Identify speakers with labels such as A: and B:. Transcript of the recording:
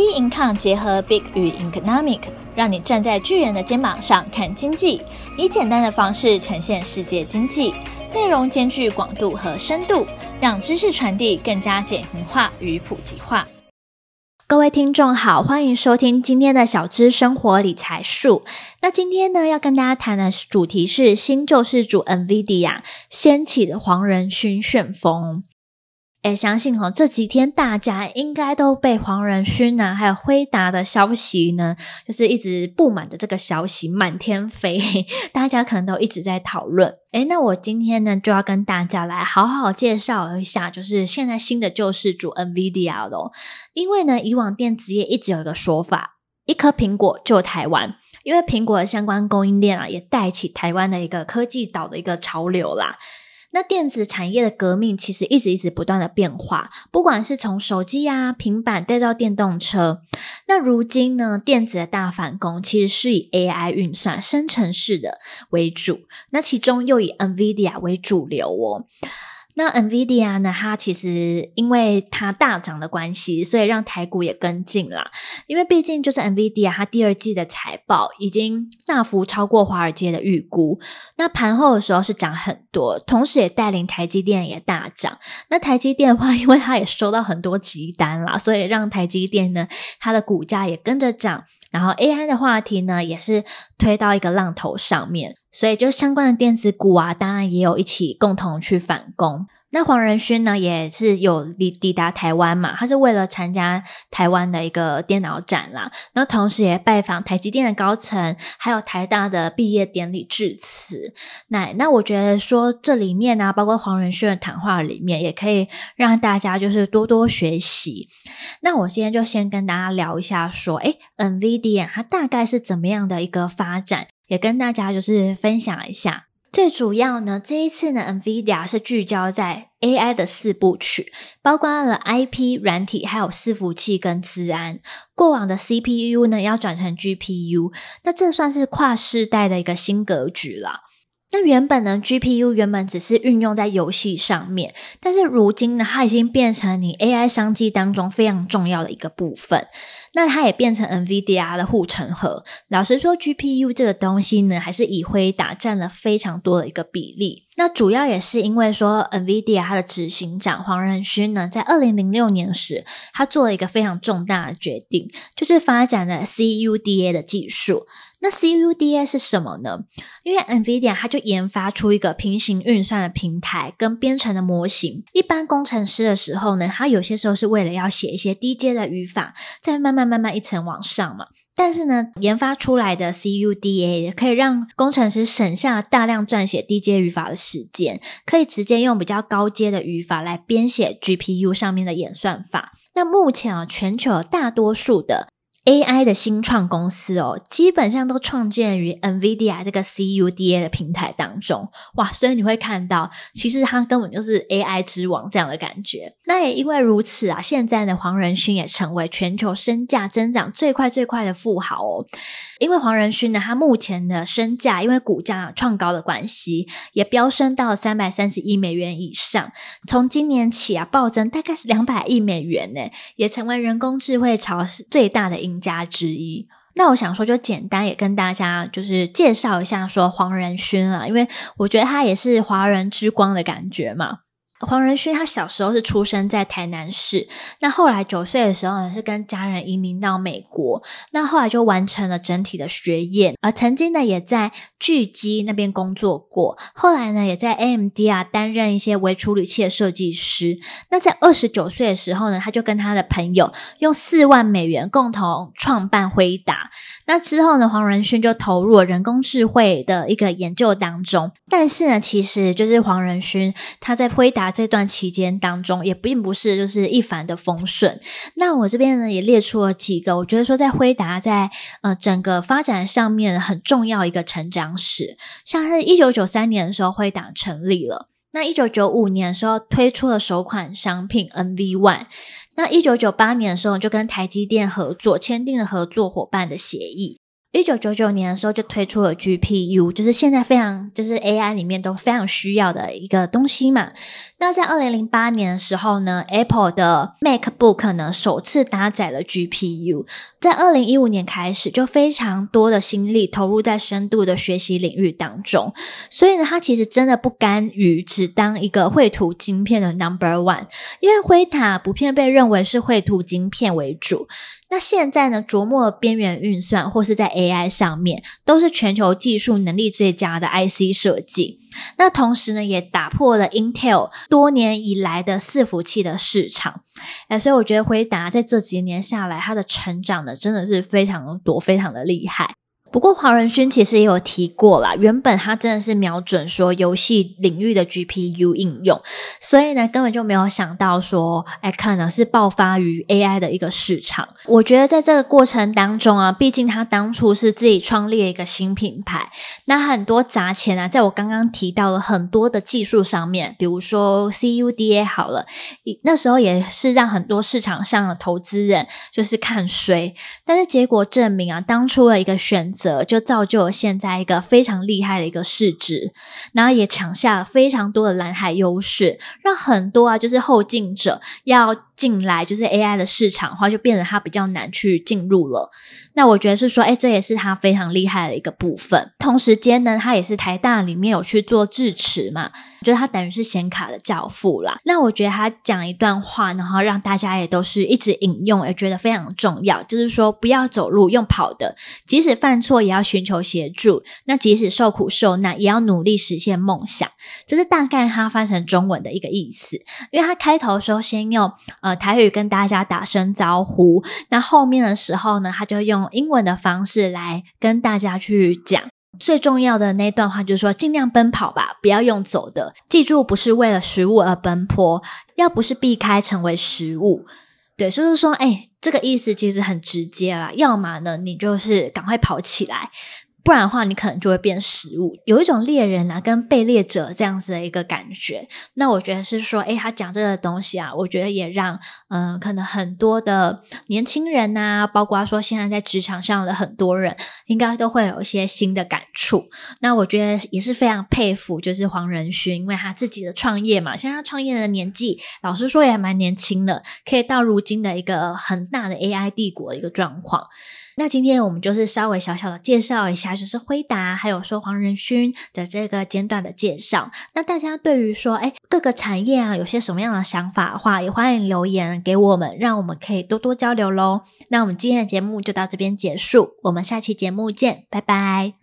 A: b i n c o m e 結合 Big 與 e c o n o m i c 讓你站在巨人的肩膀上看經濟，以簡單的方式呈現世界經濟，內容兼具廣度和深度，讓知識傳遞更加簡明化與普及化。各位聽眾好，歡迎收聽今天的小資生活理財樹。那今天呢，要跟大家談的主題是新救世主 Nvidia 穎起的黃人尋旋風。哎，相信哈，這幾天大家應該都被黃仁勳啊，還有輝達的消息呢，就是一直布滿着這個消息滿天飛，大家可能都一直在討論。哎，那我今天呢，就要跟大家來好好介紹一下，就是現在新的救世主 NVIDIA 嘍。因為呢，以往電子業一直有一個說法，一顆蘋果救台灣，因為蘋果的相關供應鏈啊，也帶起台灣的一個科技島的一個潮流啦。那電子產業的革命其實一直一直不斷的變化，不管是從手機啊、平板再到電動車，那如今呢，電子的大反攻其實是以 AI 運算、生成式的為主，那其中又以 NVIDIA 為主流哦。那 NVIDIA 呢？它其實因為它大漲的關係，所以讓台股也跟進啦，因為畢竟就是 NVIDIA 它第二季的財報已經大幅超過華爾街的預估，那盤後的時候是漲很多，同時也帶領台積電也大漲。那台積電的話，因為它也收到很多急單啦，所以讓台積電呢，它的股價也跟着漲。然後 AI 的話題呢，也是推到一個浪頭上面，所以就相關的電子股啊，當然也有一起共同去反攻。那黃仁勳呢，也是有抵抵達台灣嘛，他是為了參加台灣的一個電腦展啦，然後同時也拜訪台積電的高層，還有台大的畢業典禮致辭。那、right, 那我覺得說這裡面呢、啊，包括黃仁勳的談話裡面，也可以讓大家就是多多學習。那我今天就先跟大家聊一下，說，哎、欸、，NVIDIA 它大概是怎麼樣的一個發展，也跟大家就是分享一下。最主要呢，這一次呢，NVIDIA 是聚焦在 AI 的四部曲，包括了 IP、軟體、還有伺服器跟資安。過往的 CPU 呢，要轉成 GPU，那這算是跨世代的一個新格局了。那原本呢，GPU 原本只是運用在遊戲上面，但是如今呢，它已經變成你 AI 商機當中非常重要的一個部分。那它也變成 NVIDIA 的護城河。老實說，GPU 這個東西呢，還是以輝達佔了非常多的一個比例。那主要也是因為說，NVIDIA 它的執行長黃仁勳呢，在二零零六年時，他做了一個非常重大的決定，就是發展了 CUDA 的技術。那 CUDA 是什麼呢？因為 NVIDIA 它就研發出一個平行運算的平台跟編程的模型。一般工程師的時候呢，他有些時候是為了要寫一些低階的語法，再慢慢慢慢一層往上嘛。但是呢，研發出來的 CUDA 可以讓工程師省下大量撰寫低階語法的時間，可以直接用比較高階的語法來編寫 GPU 上面的演算法。那目前啊，全球大多數的 A I 的新創公司哦，基本上都創建於 Nvidia 這個 C U D A 的平台當中哇，所以你會看到，其實它根本就是 A I 之王這樣的感覺。那也因為如此啊，現在的黃仁勳也成為全球身價增長最快最快的富豪哦，因為黃仁勳呢，他目前的身價因為股價創高的關係，也飆升到三百三十億美元以上，從今年起啊，暴增大概是兩百億美元呢，也成為人工智慧潮最大的引家之一，那我想說，就簡單也跟大家就是介紹一下，說黃仁勳啊，因為我覺得他也是華人之光的感覺嘛。黃仁勳他小時候是出生在台南市，那後來九歲的時候呢，是跟家人移民到美國，那後來就完成了整體的學業，而曾經呢也在巨基那邊工作過，後來呢也在 AMD 啊擔任一些微處理器的設計師。那在二十九歲的時候呢，他就跟他的朋友用四萬美元共同創辦輝達。那之後呢，黃仁勳就投入了人工智慧的一個研究當中，但是呢，其實就是黃仁勳他在輝達。這段期間當中也並不是就是一帆的風順，那我這邊呢也列出了幾個，我覺得說在輝達在呃整個發展上面很重要一個成長史，像是1993年的時候，輝達成立了；那一九九五年的時候推出了首款商品 NV One；那一九九八年的時候就跟台積電合作，簽訂了合作夥伴的協議。一九九九年的時候就推出了 GPU，就是現在非常就是 AI 裡面都非常需要的一個東西嘛。那在二零零八年的時候呢，Apple 的 MacBook 呢首次搭載了 GPU。在二零一五年開始，就非常多的心力投入在深度的學習領域當中。所以呢，它其實真的不甘於只當一個繪圖晶片的 Number One，因為輝達普遍被認為是繪圖晶片為主。那現在呢，琢磨的邊緣運算或是在 AI 上面，都是全球技術能力最佳的 IC 設計。那同時呢，也打破了 Intel 多年以來的伺服器的市場。哎，所以我覺得輝達在這幾年下來，它的成長呢，真的是非常多，非常的厲害。不過，黃仁勳其實也有提過啦，原本他真的是瞄準說遊戲領域的 GPU 應用，所以呢，根本就沒有想到說，哎，可能是爆發於 AI 的一個市場。我覺得在這個過程當中啊，畢竟他當初是自己創立了一個新品牌，那很多砸錢啊，在我剛剛提到了很多的技術上面，比如說 CUDA 好了，那時候也是讓很多市場上的投資人就是看衰，但是結果證明啊，當初的一個選擇，就造就了現在一個非常厲害的一個市值，然後也搶下了非常多的藍海優勢，讓很多啊就是後進者要進來就是 AI 的市場的話，就變得它比較難去進入了。那我覺得是說，哎，這也是他非常厲害的一個部分。同時間呢，他也是台大裡面有去做支持嘛，覺得他等於是顯卡的教父啦。那我覺得他講一段話，然後讓大家也都是一直引用，也覺得非常重要，就是說不要走路用跑的，即使犯錯錯也要尋求協助，那即使受苦受難，也要努力實現夢想。這是大概他翻成中文的一個意思。因為他開頭的時候先用呃台語跟大家打聲招呼，那後面的時候呢，他就用英文的方式來跟大家去講。最重要的那段話就是說：盡量奔跑吧，不要用走的。記住，不是為了食物而奔波，要不是避開成為食物。對，所以說，哎、欸，這個意思其實很直接啦，要麼呢，你就是趕快跑起來。不然的話，你可能就會變食物。有一種獵人啊，跟被獵者這樣子的一個感覺。那我覺得是說，誒，他講這個東西啊，我覺得也讓，嗯、呃，可能很多的年輕人吶、啊，包括說現在在職場上的很多人，應該都會有一些新的感觸。那我覺得也是非常佩服，就是黃仁勳，因為他自己的創業嘛，現在他創業的年紀，老實說也蠻年輕的，可以到如今的一個很大的 AI 帝國的一個狀況。那今天我們就是稍微小小的介紹一下，就是輝達還有說黃仁勳的這個簡短的介紹。那大家對於說，誒，各個產業啊，有些什麼樣的想法的話，也歡迎留言給我們，讓我們可以多多交流嘍。那我們今天的節目就到這邊結束，我們下期節目見，拜拜。